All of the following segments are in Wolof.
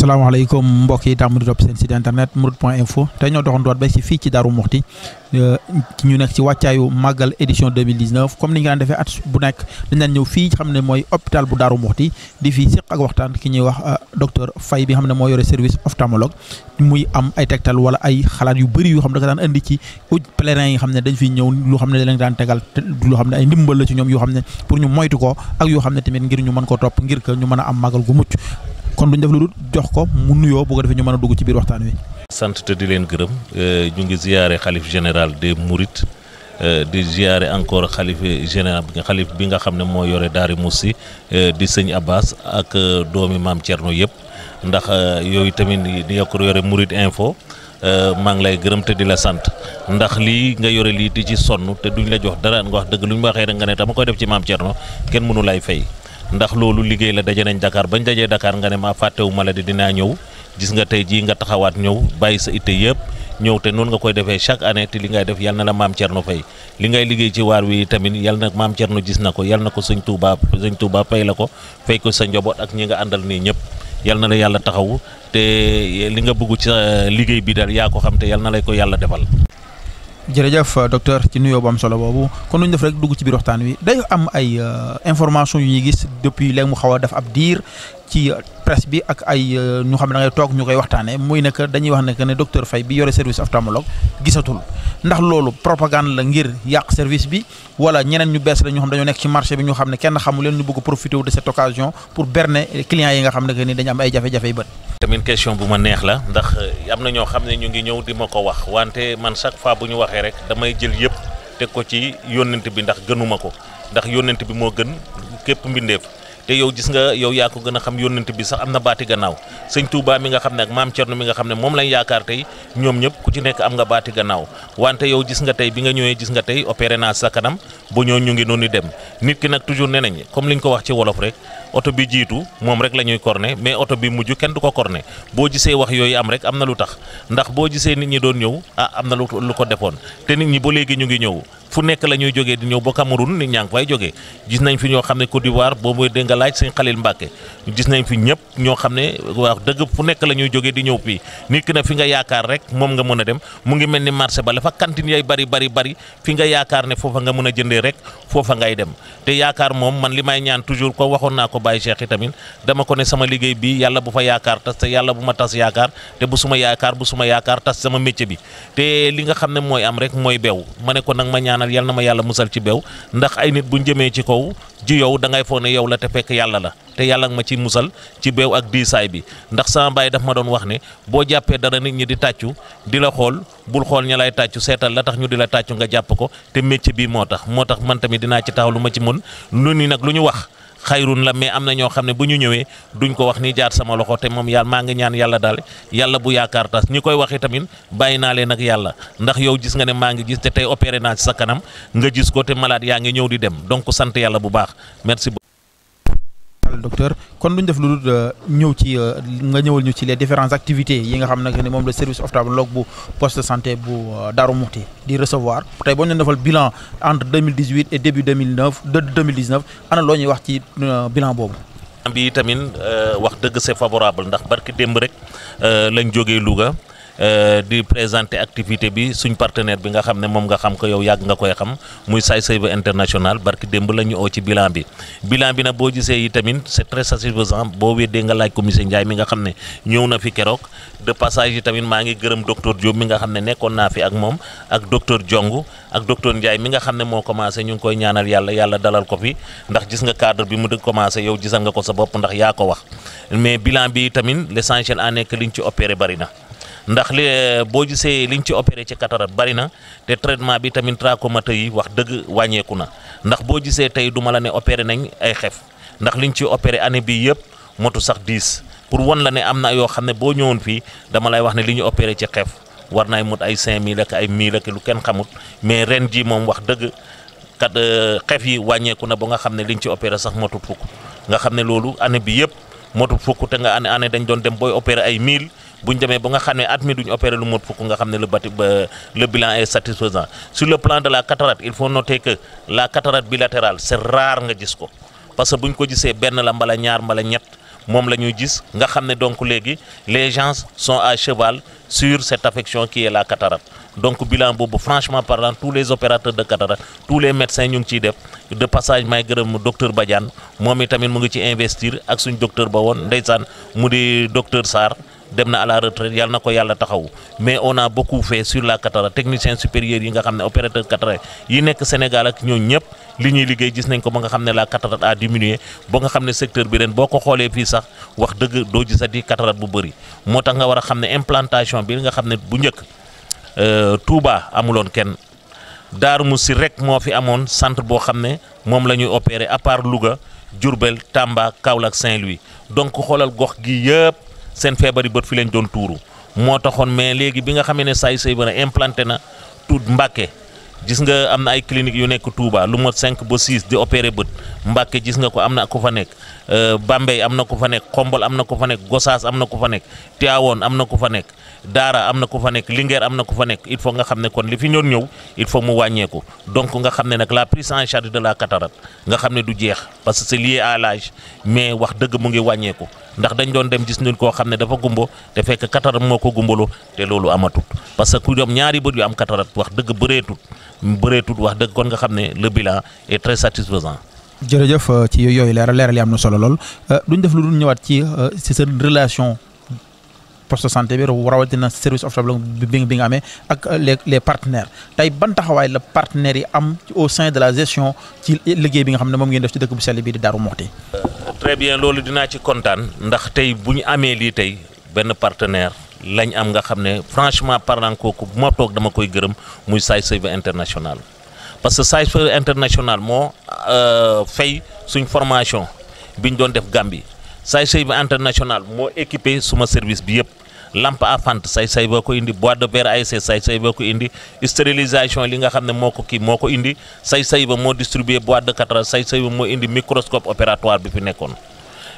salaamaaleykum mbokk yi tàmm di topp seen site internet mourides point info tey ñoo doxantuwaat ba si fii ci Darou Mouhty ñu nekk ci wàccaayu màggal édition 2019 comme ni ñu daan defee at bu nekk dañ daan ñëw fii xam ne mooy hôpital bu Darou Mouhty di fii séq ak waxtaan ki ñuy wax euh, docteur fay bi xam ne moo yore service ophtalmologue muy am ay tegtal wala ay xalaat yu bari yoo xam ne da daan indi ci uj pèlerin yi xam ne dañ fiy ñëw lu xam ne dañ daan tegal lu xam ne ay ndimbal ñoom yoo xam ne pour ñu ko ak yoo ne tamit ngir ñu mën ko topp ngir ñu mën a am màggal gu mucc kon duñ def lu dul jox ko mu nuyoo bu ko defee ñu mën a dugg ci biir waxtaan wi. sant te di leen gërëm euh, ñu ngi ziare xalif général des Mourides euh, di ziare encore xalif général xalif bi nga xam ne moo yore Daara mussi euh, di sëñ Abbas ak doomi maam Thierno yëpp ndax yooyu tamit di yokk yore Mouride info. maa ngi lay gërëm te di la sant ndax lii nga yore lii di ci sonn te duñ la jox dara nga wax dëgg lu ñu waxee rek nga ne dama koy def ci maam Thierno kenn mënu lay fay ndax loolu liggéey la daje nañ Dakar bañ dajee dakaar nga ne ma fàttewu ma la di dinaa ñëw gis nga tey jii nga taxawaat ñëw bàyyi sa itte yëpp ñëw te noonu nga koy defee chaque année te li ngay def yal na la maam Thierno fay li ngay liggéey ci waar wi tamit yal na maam Thierno gis na ko yal na ko sañ Touba sëñ Touba fay la ko fay ko sa njaboot ak ñi nga àndal nii ñëpp yal na la yàlla taxaw te li nga bëgg ci euh, liggéey bi daal yaa ko xam te yal na lay ko yàlla defal. jërëjëf euh, docteur ci nuyoo bu am solo boobu kon nu def rek dugg ci biir waxtaan wi day am ay euh, information yu ñuy gis depuis léegi mu xaw a def ab diir ci presse bi ak ay euh, ñu xam na da ngay toog ñu koy muy dañuy wax ne docteur fay bi yore service ophtalmologue gisatul ndax lolu propagande la ngir yak service bi wala ñeneen ñu bess la ñu xam dañu nekk ci marché bi ñu xam ne kenn xamul leen ñu bëgg profiter wu de cette occasion pour berner clients yi nga xam ne ni dañu am ay jafé jafé yu tamine question bu ma neex la ndax euh, am na xam ne ñu ngi ñëw di mako wax wante man chaque fois bu ñu waxee rek damay jël yépp tek ko ci yonent bi ndax gënumako ndax yonent bi mo gën képp mbindef te yow gis nga yow yaa ko gën a xam yónnante bi sax am na baati gannaaw sëñ Touba mi nga xam ne ak maam Thierno mi nga xam ne moom lañ yaakaar tey ñoom ñëpp ku ci nekk am nga baati gannaaw wante yow gis nga tey bi nga ñëwee gis nga tey opéré naa sa kanam ba ñoo ñu ngi noonu dem nit ki nag toujours nee nañ comme li ñu ko wax ci wolof rek oto bi jiitu moom rek la ñuy corné mais oto bi mujj kenn du ko korne boo gisee wax yooyu am rek am na lu tax ndax boo gisee nit ñi doon ñëw ah am na lu ko defoon te nit ñi ba léegi ñu ngi ñëw fu nek la ñuy di ñew bo Cameroun ni ñang fay joggé gis nañ fi ño xamné Côte d'Ivoire bo moy dénga laaj sëñ khalil mbacké gis nañ fi ñëpp ño xamné wax dëgg fu nek la ñuy di ñew fi nit ki na fi nga yaakar rek mom nga mëna dem mu ngi melni marché ba la fa cantine yay bari bari bari fi nga yaakar ne fofu nga mëna jëndé rek fofu ngay dem té yaakar mom man limay ñaan toujours ko waxon na ko bay Cheikh itamit dama ko né sama liggéey bi yalla bu fa yaakar tas té yalla bu ma tass yaakar te bu suma yaakar bu suma yaakar tas sama métier bi té li nga xamné moy am rek moy beew mané ko nak ma ñaanal yal na ma yàlla musal ci bew ndax ay nit buñ jëmee ci kaw ji yow da ngay foog ne yow la te fekk yàlla la te yàlla ma ci musal ci beew ak diisaay bi ndax sama baay daf ma doon wax ne boo jàppee dara nit ñi di tàccu di la xool bul xool ña lay tàccu seetal la tax ñu di la tàccu nga jàpp ko te métier bi moo tax moo tax man tamit dinaa ci taxaw lu ma ci mën lu ni nag lu ñu wax xayrun la mais am na ñoo xam ne bu ñu ñëwee duñ ko wax ni jaar sama loxo te moom yàlla maa ngi ñaan yàlla daal yàlla bu yaakaar tas ñi koy waxee tamit bàyyi naa leen ak yàlla ndax yow gis nga ne maa ngi gis te tey opéré naa ci sa kanam nga gis ko te malade yaa ngi ñëw di dem donc sant yàlla bu baax merci le docteur kon duñ def lu dul euh, ñëw ci euh, nga ñewal ñu ci les différentes activités yi nga xam ne mom le service ophtalmologue bu poste de santé bu euh, Daru Mouhty di recevoir tay boo ñu defal bilan entre 2018 et début 2009 de 2019 ana loo ñuy wax ci bilan bobu bi tamine wax deug c'est favorable ndax barki démb rek lañ jógee Louga. Euh, di présenter activité bi suñ partenaire bi nga xam ne moom nga xam ko yow yàgg nga koy xam muy Saay Save International barki démb la ñu oo ci bilan bi bilan bi na boo gisee yi tamit c'est très satisfaisant boo weddee nga laaj ko monsieur Ndiaye mi nga xam ne ñëw na fi keroog de passage yi tamit maa ngi gërëm docteur Diop mi nga xam ne nekkoon naa fi ak moom ak docteur Diong ak docteur Ndiaye mi nga xam ne moo commencé ñu ngi koy ñaanal yàlla yàlla dalal ko fi ndax gis nga cadre bi mu dëgg commencé yow gisal nga ko sa bopp ndax yaa ko wax mais bilan bi tamit l'essentiel en est que liñ ci opéré bari na ndax li euh, boo gisee liñ ci opéré ci cataracte bari na te traitement bi tamit trachomata yi wax dëgg wàññeeku na ndax boo gisee tey du ma la ne opéré nañ ay xef ndax liñ ci opéré année bi yëpp motu sax 10 pour wan la ne am na yoo xam ne boo ñëwoon fii dama lay wax ne li ñu opéré ci xef war naay mut ay 5000 ak ay 1000 ak lu kenn xamut mais ren ji moom wax dëgg kat euh, xef yi wàññeeku na ba nga xam ne liñ ci opéré sax motu fukk nga xam ne loolu année bi yëpp motu fukk te nga année année dañ doon dem booy opéré ay 1000 nga lu mot le le bilan est satisfaisant sur le plan de la cataracte il faut noter que la cataracte bilatérale c'est rare nga gis ko parce que buñ ko gisee ben la mbala ñaar mbala ñet mom la gis nga xam donc les gens sont à cheval sur cette affection qui est la cataracte donc bilan bobu franchement parlant tous les opérateurs de cataracte tous les médecins ñu ci def de passage may gërem docteur Badiane momi itamit mu ngi ci investir ak suñ docteur Bawone ndaysan mudi docteur Sar. dem na à la retraite yàlla na ko yàlla taxaw mais on a beaucoup fait sur la cataracte technicien supérieur yi nga xam ne opérateur cataracte yi nekk Sénégal ak ñoo ñëpp li ñuy liggéey gis nañ ko ba nga xam ne la cataracte a diminué ba nga xam ne secteur bi ren boo ko xoolee fii sax wax dëgg doo gisati cataracte bu bëri moo tax nga war a xam ne implantation bi nga xam ne bu njëkk euh, Touba amuloon kenn Darou Moussi rek moo fi amoon centre boo xam ne moom la ñuy opéré à part Louga Diourbel Tamba Kaolack Saint-Louis seen feebari bët fi leen doon tuuru moo taxoon mais léegi bi nga xamee ne saay say bara implanté na tuut Mbàkke gis nga am na ay clinique yu nekk Touba lu mot cinq ba 6 di opéré bët Mbàkke gis nga ko am na ku fa nekk Euh, Bambey am na ko fa nekk Xombol am na ko fa nekk Gosaas am na ko fa nekk Tiawoon am na ko fa nekk Daara am na ko fa nekk Linguère am na ku fa nekk il faut nga xam ne kon li fi ñoon ñëw il faut mu wàññeeku donc nga xam ne nag la prise en charge de la cataracte nga xam ne du jeex parce que c'est lié à l'âge mais wax dëgg mu ngi wàññeeku ndax dañ doon dem gis ñun koo xam ne dafa gumbo te fekk cataracte moo ko gumbaloo te loolu amatut parce que ku doom ñaari bët yu am cataracte wax dëgg bëreetut bëreetut wax dëgg kon nga xam ne le bilan est très satisfaisant jërëjëf euh, ci yooyu leeral leeral yi am na solo lool euh, duñ def lu dul ñëwaat ci euh, ci seen relation poste santé bi rawatina service ophtalmologue bi bi nga amee ak les les partenaires tey ban taxawaay la partenaire yi am au sein de la gestion ci liggéey bi nga xam ne moom ngeen def ci dëkk bu sell bi di daru Mouhty. très bien loolu dinaa ci kontaan ndax tey bu ñu amee lii tey benn partenaire lañ am nga xam ne franchement parlant kooku bu ma toog dama koy gërëm muy SAICB international. parce que Sightsavers international moo euh, fay suñ formation bi ñu doon def Gambie Sightsavers international moo équipé suma service bi yëpp lampe à say Sightsavers ko indi bois de ay verre say Sightsavers ko indi stérilisation li nga xam ne moo ko kii moo ko indi say say Sightsavers moo distribué boîte de quatre Sightsavers moo indi microscope opératoire bi fi nekkoon.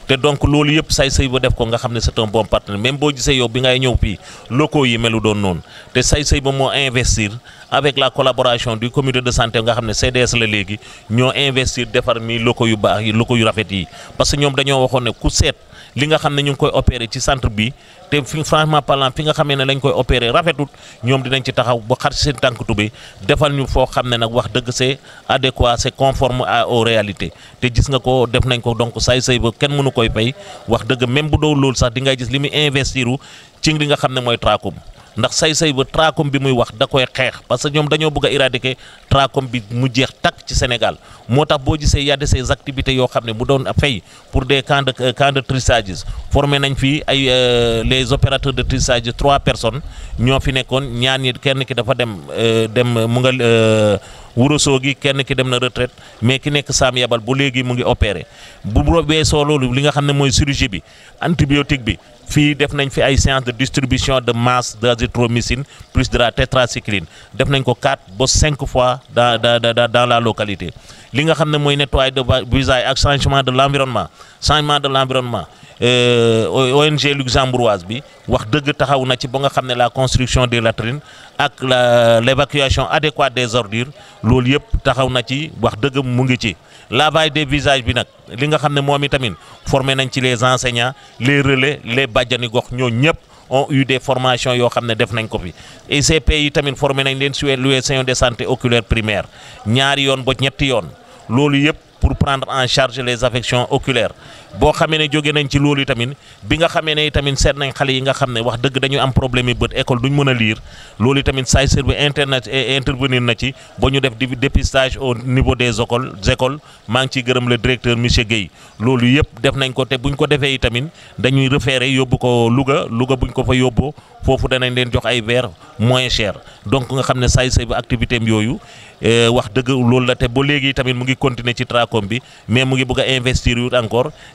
te donc loolu yëpp say-say ba def ko nga xam c'est un bon partenaire même boo gisee yow bi ngay ñëw fii locaux yi melu doon noonu te say-say ba moo investir avec la collaboration du comité de santé nga xam CDS la Légui, ñoo investir defar mi locaux yu baax yi locaux yu rafet yi parce que ñoom dañoo waxoon ne ku seet li nga xam ne ñu ngi koy opérer ci centre bi té franchement parlant fi nga xamee ne lañ koy opérer rafetout ñom dinañ ci taxaw ba xar ci sen tànk tubéy defal ñu fo xamné nak wax dëgg c'est adéquat c'est conforme à aux réalités té gis nga ko def nañ ko donc say say bu kenn mënu koy fay wax dëgg même bu doo loolu sax di ngay gis li mu investir ci li nga xam ne mooy tracom ndax say-say ba tracom bi muy wax da koy xeex parce que ñoom dañoo bëgg a éradiquer tracom bi mu jeex takk ci Sénégal moo tax boo gisee y a de ces yoo xam ne mu doon fay pour de camps de euh, trissages formé nañ fii ay euh, les opérateurs de trissage trois personnes ñoo fi nekkoon ñaan ñi kenn ki dafa dem euh, dem mu nga wurosogi kenn ki dem na retraite mais ki nek sam yabal bu legui mu ngi opéré bu weesoo loolu li nga xam moy mooy chirurgie bi antibiotique bi fi def nañ fi ay séance de distribution de masse d'azithromycine plus de la tétracycline def nañ ko 4 bo 5 fois dans dans dans la localité li nga xam moy nettoyage de visage ak changement de l'environnement changement de l'environnement euh, ONG luxembourgeoise bi wax deug taxaw na ci bo nga xam la construction des latrines ak l'évacuation adéquate des ordures loolu yëpp taxaw na ci wax dëgg mu ngi ci lavage des visages bi nak li nga xam momi tamine formé nañ ci les enseignants les relais les badjani gox ñoo ñëpp ont eu des formations yo xam def nañ ko fi ICP yi tamine formé nañ len sur les soins de santé oculaire primaire ñaar yoon bo ñetti yoon loolu yëpp pour prendre en charge les affections oculaires boo xamee ne jóge nañ ci loolu yi tamit bi nga xamee ne tamit seet nañ xale yi nga xam ne wax dëgg dañuy am problème yi bët école duñ mën a lire loolu tamit saay servi internet eh, intervenir na ci ba ñu def dépistage au niveau des écoles écoles maa ngi ciy gërëm la directeur monsieur Guèye loolu yëpp def nañ ko te buñ ko defee tamit dañuy référé yóbbu ko Louga Louga buñ ko fa yóbboo foofu danañ leen jox ay verres moins cher donc nga xam ne saay servi activité am yooyu eh, wax dëgg loolu la te ba léegi tamit mu ngi continuer ci TRACOM bi mais mu ngi bëgg a investir encore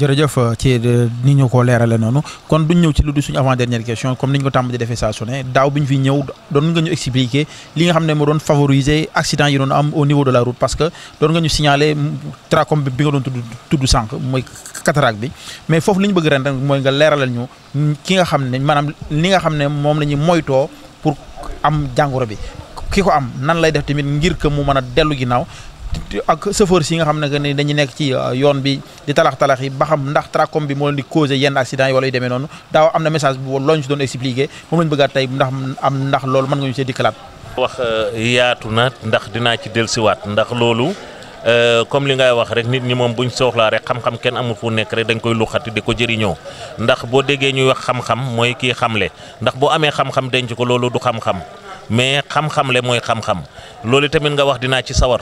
jërëjëf euh, ci euh, ni ñu ko leerale noonu kon duñ ñëw ci lu dul suñu avant dernière question comme ni ñu ko tàmm defee saa su ne daaw bi ñu fi ñëw doon nga ñu expliquer li nga xam ne moo doon favoriser accident yi am au niveau de la route parce que doon nga ñu signaler tracom bi nga doon tudd tudd sànq mooy cataracte bi mais foofu li ñu bëgg ren mooy nga leeralal ki nga xam ne maanaam li nga xam ne moom la ñuy moytoo pour am jàngoro bi ki ko am nan lay def tamit ngir que mu mën a dellu ginnaaw ak chauffeur yi nga xam ne que ni dañu nekk ci euh, yoon bi di talax-talax ba xam ndax tracom bi moo leen di causé yenn accident yi wala yu demee noonu daaw am na message bu looñ si doon expliqué moom lañ bëggaat am ndax loolu mën nga ñu see dikkalaat wax euh, yaatu na ndax dinaa ci dellusiwaat ndax loolu euh, comme li ngay wax rek nit ñi moom buñ soxlaa rek xam-xam kenn amul fu nekk rek dañ koy luxati di ko jëriñoo ndax boo déggee ñuy wax xam-xam mooy kii xamle ndax boo amee xam denc ko loolu du xam-xam mais xam mooy xam-xam loolu tamit nga wax dinaa ci sawar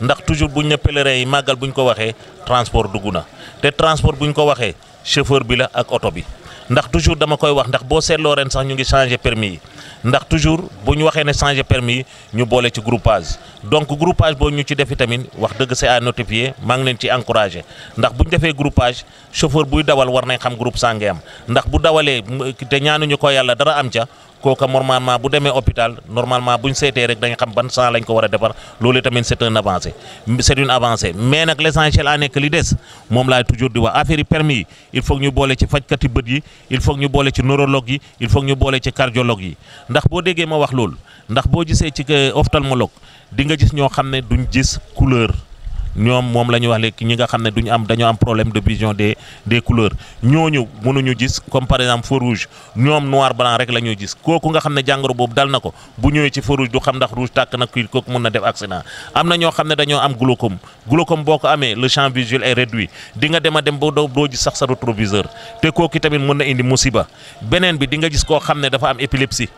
ndax toujours bu ñu pèlerin yi màggal buñ ko waxee transport dugg na te transport buñ ko waxee chauffeur bi la ak oto bi ndax toujours dama koy wax ndax boo seetloo ren sax ñu ngi changé permis yi ndax toujours bu ñu waxee ne changé permis yi ñu boole ci groupage donc groupage boo ñu ci def tamit wax dëgg c'est à notifier maa ngi leen ci encouragé ndax bu ñu defee groupage chauffeur buy dawal war nañ xam groupe sànge am ndax bu dawalee te ñaanuñu ko yàlla dara am ca kooka normalement bu demee hôpital normalement bu ñu seetee rek dañ xam ban sang lañ ko war a defar loolu tamit c' une avancée mais nag l' essentiel à li des moom laay toujours di wax affaire permis il faut ñu boole ci fajkati bët yi il faut ñu boole ci neurologue yi il faut ñu boole ci cardiologue yi ndax boo déggee ma wax loolu ndax boo gisee ci euh, ophtalmologue di nga ñoo xam ne duñ gis couleur. ñoom moom la ñuy wax lekk ñi nga xam ne duñu am dañoo am problème de vision des des couleurs ñooñu mënuñu gis comme par exemple feu rouge ñoom noir blanc rek la gis kooku nga xam ne jàngoro boobu dal na ko bu ñëwee ci feu rouge du xam ndax rouge tàkk na kii kooku mën na def accident am na ñoo xam ne dañoo am glaucome glaucome boo ko amee le champ visuel est réduit di nga dem a dem ba doo doo gis sax sa rétroviseur te kooku tamit mën na indi musiba beneen bi di nga gis koo xam ne dafa am épilepsie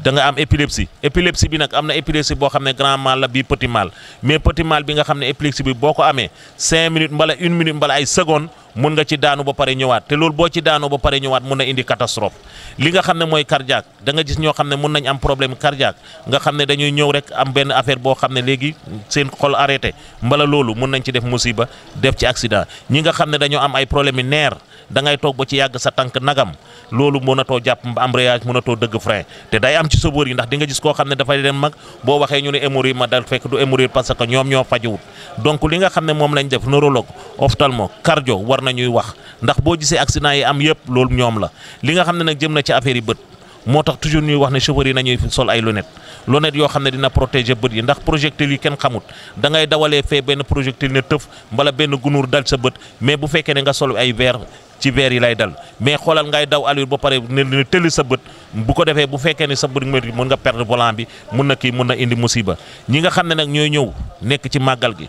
danga am épilepsie épilepsie bi nag am na épilepsie boo xam ne grand mal la bi petit mal mais petit mal bi nga xam ne épilepsie bi bo ko amee cinq minutes mbala une minute mbala ay seconde mun nga ci daanu ba pare ñëwaat te loolu boo ci daanu ba pare ñëwaat mun na indi catastrophe li nga xam ne mooy cardiaque da nga gis ñoo xam ne mun nañ am problème cardiaque nga xam ne dañuy ñëw rek am benn affaire boo xam ne léegi seen xol arrêté mbala loolu mun nañ ci def musiba def ci accident ñi nga xam ne dañoo am ay problème yi da ngay toog ba ci yàgg sa tànk nagam loolu mënatoo jàpp embrayage mënatoo dëgg frein day am ci chauffeur yi ndax di nga gis koo xam ne dafay dem mag boo waxee ñu ne ma dal fekk du parce que ñoom ñoo fajiwut donc li nga xam ne moom lañ def neurologue ophtalmo cardio war jar na ñuy wax ndax boo gisee accident yi am yëpp loolu ñoom la li nga xam ne nag jëm na ci affaire yi bët moo tax toujours ñuy wax ne chauffeur yi nañuy sol ay lunettes lunettes yoo xam ne dina protéger bët yi ndax projectile yi kenn xamut dangay ngay dawalee fee benn projectile ne tëf mbala benn gunóor dal sa bët mais bu fekkee ne nga sol ay verre ci verre yi lay dal mais xoolal ngay daw allure ba pare ne ne tëlli sa bët bu ko defee bu fekkee ne sa bët mën nga perdre volant bi mun na kii mun na indi musiba ñi nga xam ne nag ñooy ñëw nekk ci màggal gi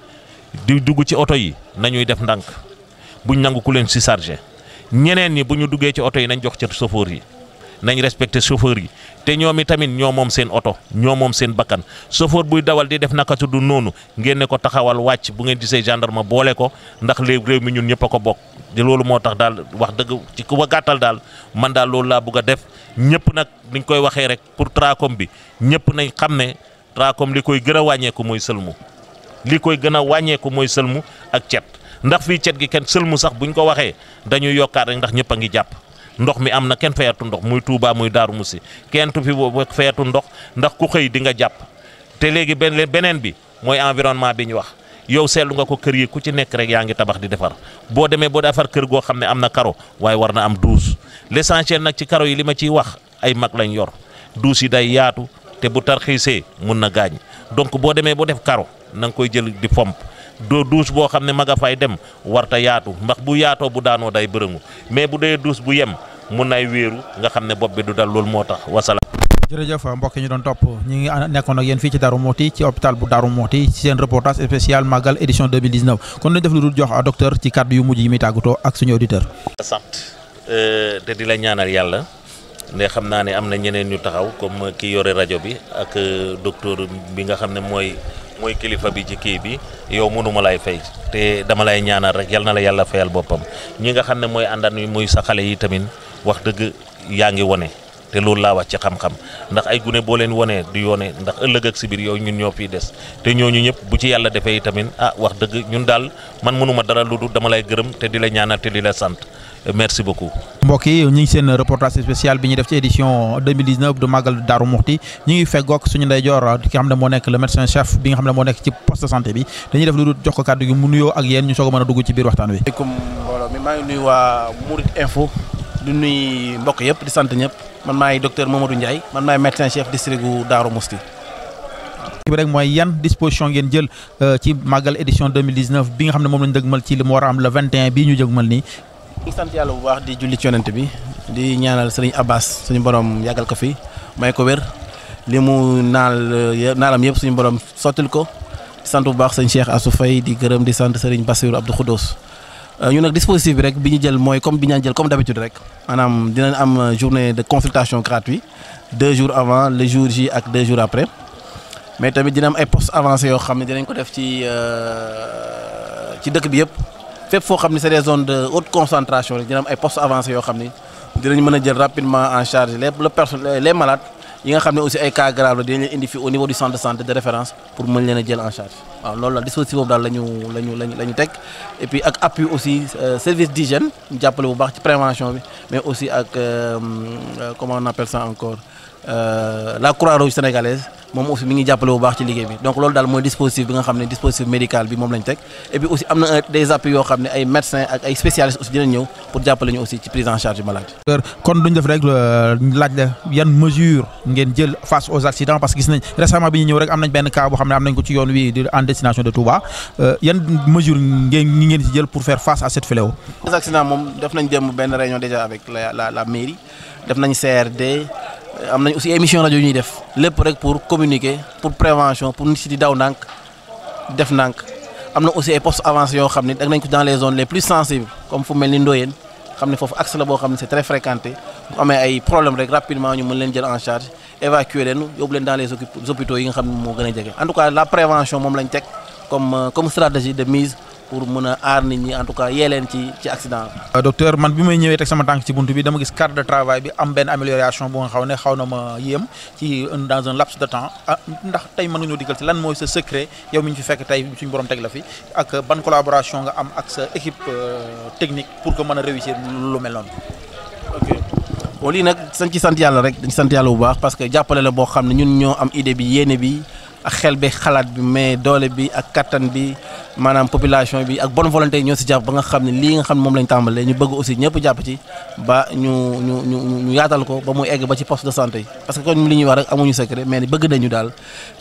di dugg ci oto yi nañuy def ndànk buñ nangu ku len si charger ñeneen ni buñu duggé ci auto yi nañ jox ci chauffeur yi nañ respecté chauffeur yi té ñoom i tamit mom seen auto ñoo seen bakkan chauffeur buy dawal di def naka su du ngeen ne ko taxawal wacc bu ngeen gisé gendarme boole ko ndax léegi réew mi ñun ñëpp ko bok di lolu motax dal wax deug ci ku ba man dal lolu la def ñëpp nag niñ koy waxé rek pour Tracom bi ñëpp nañ xamné Tracom likoy koy wañé ko moy selmu, likoy gëna koy ko moy selmu ak ciat ndax fii cet gi kenn sëlmu sax buñ ko waxee dañuy yokkaat rek ndax ñëpp a ngi jàpp ndox mi am na kenn feyatu ndox muy Touba muy Daaru Musi kenn tu fi feyatu ndox ndax ku xëy di nga jàpp te léegi beneen beneen bi mooy environnement bi ñu wax yow seetlu nga ko kër yi ku ci nekk rek yaa ngi tabax di defar boo demee boo defar kër goo xam ne am na karo waaye war na am douche l'essentiel nag ci karo yi li ma ciy wax ay mag lañ yor douche yi day yaatu te bu tarxiisee mun na gaañ donc boo demee boo def karo na nga koy jël di fomp do douche bo xamne maga fay dem warta yaatu mbax bu yaato bu daano day bërëngu mais bu day douche bu yem mu nay wëru nga xamne ne bi du dal loolu moo tax wasalaam jërëjëf mbokk ñu doon top ñi ngi nekkoon ak yéen ci daru moti ci hôpital bu daru moti ci seen reportage spécial Magal édition 2019 kon nañ def lu dul jox a docteur ci cadre yu mujj yi mi taguto ak suñu auditeur euh de di la ñaanal yalla ne xamna ne am ñeneen ñu taxaw comme ki yore radio bi ak euh, docteur bi nga xamne moy mooy kilifa bi ci kii bi yow mënuma lay fay te dama lay ñaanal rek yal na la yàlla fayal boppam ñi nga xam ne mooy àndaan wi muy sa xale yi tamit wax dëgg yaa ngi wone te loolu laa wax ci xam-xam ndax ay gune boo leen wonee du yoone ndax ëllëg ak si biir yow ñun ñoo fiy des te ñooñu ñëpp bu ci yàlla defee tamit ah wax dëgg ñun daal man mënuma dara lu dul dama lay gërëm te di la ñaanal te di la sant merci beaucoup. mbokk yi ñu ngi seen reportage spécial bi ñu def ci édition 2019 du Magal daru Mouhty ñu ngi feggoog suñu jor ki nga xam ne moo nekk le médecin chef bi nga xam ne moo nekk ci poste de santé bi dañuy def lu dul jox ko kàddu gi mu nuyoo ak yéen ñu soog a mën a dugg ci biir waxtaan bi. asalaamaaleykum mbooloo mi maa ngi nuyu waa Mourid Info di nuyu mbokk yëpp di sant ñëpp man maay docteur Mamadou Ndiaye man maay médecin chef district gu Darou ki bi rek mooy yan disposition ngeen jël euh, ci magal édition 2019 bi nga xam ne moom lañu dëgmal ci li mu war a am le 21 bii ñu jëgmal nii di sant yàlla bu baax di julli ci yonent bi di ñaanal sëriñ Abbas suñu borom yàggal ko fi may ko wér li mu naal naalam yëpp suñu borom sottil ko di sant bu baax sëñ Cheikh Assou fay di gërëm di sant sëriñ Bassirou Abdou Khoudous. Euh, ñu nag dispositif bi rek bi ñu jël mooy comme bi ñaan jël comme d'habitude rek maanaam dinañ am journée de consultation gratuit deux jours avant le jour J ak deux jours après mais tamit dina am ay postes avancés yoo xam ne dinañ ko def ci euh, ci dëkk bi yëpp. Il faut que c'est des zones de haute concentration et postes avancés rapidement en charge les malades yi nga aussi des cas graves au niveau du centre de santé de référence pour nous en charge waaw loolu la dispositif boobu daal la ñu la ñu et puis ak appui aussi euh, service d'hygiène ñu jàppale bu baax ci prévention bi mais aussi ak euh, euh, comment on appelle ça encore la Croix-Rouge sénégalaise moom aussi mi ngi jàppale bu baax ci liggéey bi donc loolu daal mooy dispositif bi nga xam dispositif médical bi moom la ñu et puis aussi am des appuis yoo xam ne ay médecins ak ay spécialistes aussi dinañ ñëw pour jàppale ñu aussi ci prise en charge maladie. kon duñ def rek laaj la yan mesure ngeen jël face aux accidents parce que gis nañ récemment bi ñu ñëw rek am nañ benn cas boo xam ne ko ci yoon wi destination de Touba euh, yan mesure ngeen ñi ngeen jël pour faire face à cette fléau. les accidents moom def nañ dem benn réunion déjà avec la la la mairie def nañ CRD am aussi émission radio. yu ñuy def rek pour communiquer pour prévention pour nit si di daw ndànk def ndànk am aussi des postes avancés yoo dag nañ ko dans les zones les plus sensibles comme fu mel ni Ndoyeen xam ne accès la c'est très fréquenté amé ay problème rek rapidement ñu mën leen jël en charge évacuer leen yob leen dans les hôpitaux yi nga xam mo gëna gën en tout cas la prévention mom lañ teg comme euh, comme stratégie de mise pour mëna ar nit ñi en tout cas yé leen ci ci accident euh, docteur man bi ñëwé ñëwee sama tank ci buntu bi dama gis carte de travail bi am ben amélioration bu nga xaw ne xaw ma ci euh, dans un laps de temps ah, ndax tay mënu ñu ñoo digal ci lan moy ce secret yow mi ñu fi fekk tay suñu borom teg la fi ak ban collaboration nga am ak sa équipe technique pour que mëna réussir lu mel bon lii nag sañ ci sant yàlla rek dañ sant yàlla bu baax parce que jàppale la boo xam ne ñun ñoo am idée bi yéene bi ak xel bi xalaat bi mais doole bi ak kattan bi maanaam population bi ak bonne volonté ñoo si jàpp ba nga xam ne lii nga xam ne moom lañ tàmbalee ñu bëgg aussi ñëpp jàpp ci ba ñu ñu ñu ñu yaatal ko ba mu egg ba ci poste de santé yi parce que comme li ñuy wax rek amuñu secret mais bëgg nañu daal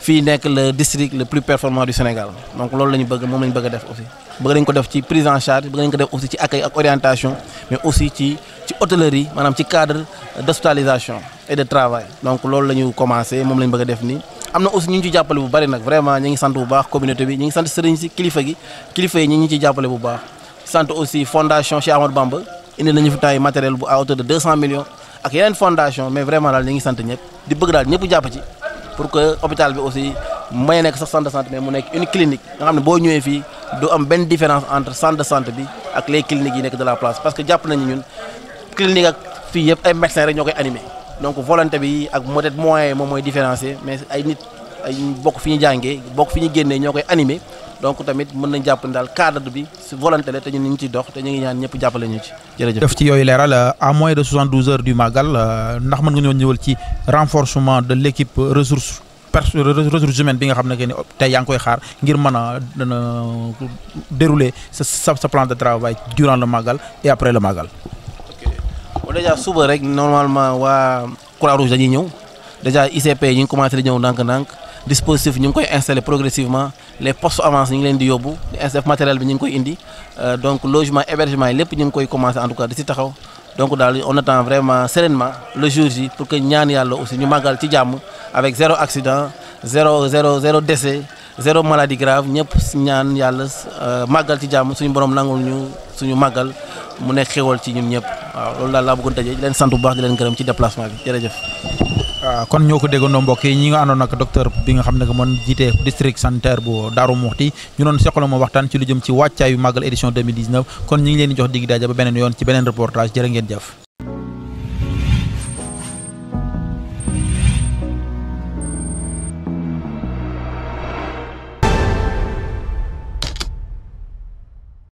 fii nekk le district le plus performant du Sénégal donc loolu la ñu bëgg moom la bëgg a def aussi bëgg nañ ko def ci prise en charge bëgg nañ ko def aussi ci accueil ak orientation mais aussi ci ci hôtellerie maanaam ci cadre d'hospitalisation et de travail donc loolu la ñu commencé moom la bëgg a def nii amna aussi ñu ci jappalé bu bari nak vraiment ñi ngi sante bu baax communauté bi ñi ngi sante serigne ci kilifa gi kilifa yi ñi ci jappalé bu baax sante aussi fondation Cheikh Amadou Bamba indi nañu fi tay matériel bu à hauteur de 200 millions ak yeneen fondation mais vraiment dal ñi ngi sante ñep di bëgg dal ñep japp ci pour que hôpital bi aussi may nek sax centre de santé mais mu nek une clinique nga xam bo boo ñëwee fii du am ben différence entre centre de santé bi ak les cliniques yi nek de la place parce que japp nañu ñun clinique ak fi yëpp ay médecins rek ñokay animer donc volonté bi ak peut moyen mom moy mooy différencier mais ay nit ay bokk fiñu jangé jàngee bokk fi ñu génnee ñoo donc tamit mën nañ jàpp dal cadre bi ci volonté la té ñu ngi ci dox té ñu ngi ñaan ñëpp jàppale ñu ci jërëjëf. def ci yoy leeral euh, à moins de 72 heures du magal euh, ndax mën nga ñoo ñëwal ci renforcement de l'équipe équipe euh, ressource perso ressources humaines bi nga xam ne que ni oh, tey yaa ngi koy xaar ngir mën a dérouler sa sa plan de travail durant le magal et après le magal Déjà, suba rek normalement wa Croix Rouge dañuy ñëw Déjà, ICP yi ñu commencé di ñëw dank dank dispositif ñu koy installer progressivement les postes avancés ñu les leen di yóbbu SF matériel bi ñu koy indi euh, donc logement hébergement les lépp ñu à koy commencé en tout cas di taxaw donc on attend vraiment sereinement le jour J pour que ñaan yalla aussi ñu magal ci jamm avec zéro accident zéro zéro zéro décès zéro maladie grave ñëpp ñaan yàlla euh, màggal ci jàmm suñu borom nangul ñu suñu màggal mu nekk xéwal ci ñun ñëpp waaw loolu daal laa bëggoon tëjee di leen sant bu baax di leen gërëm ci déplacement bi jërëjëf. waaw ah, kon ñoo ko déggandoo mbokk yi ñi nga àndoon ak docteur bi nga xam ne que moom jiite district sanitaire bu Darou Mouhty ñu doon seqaloo ma waxtaan ci lu jëm ci wàccaayu màggal édition kon ñu ngi leen jox digg daje ba beneen yoon ci beneen reportage jërë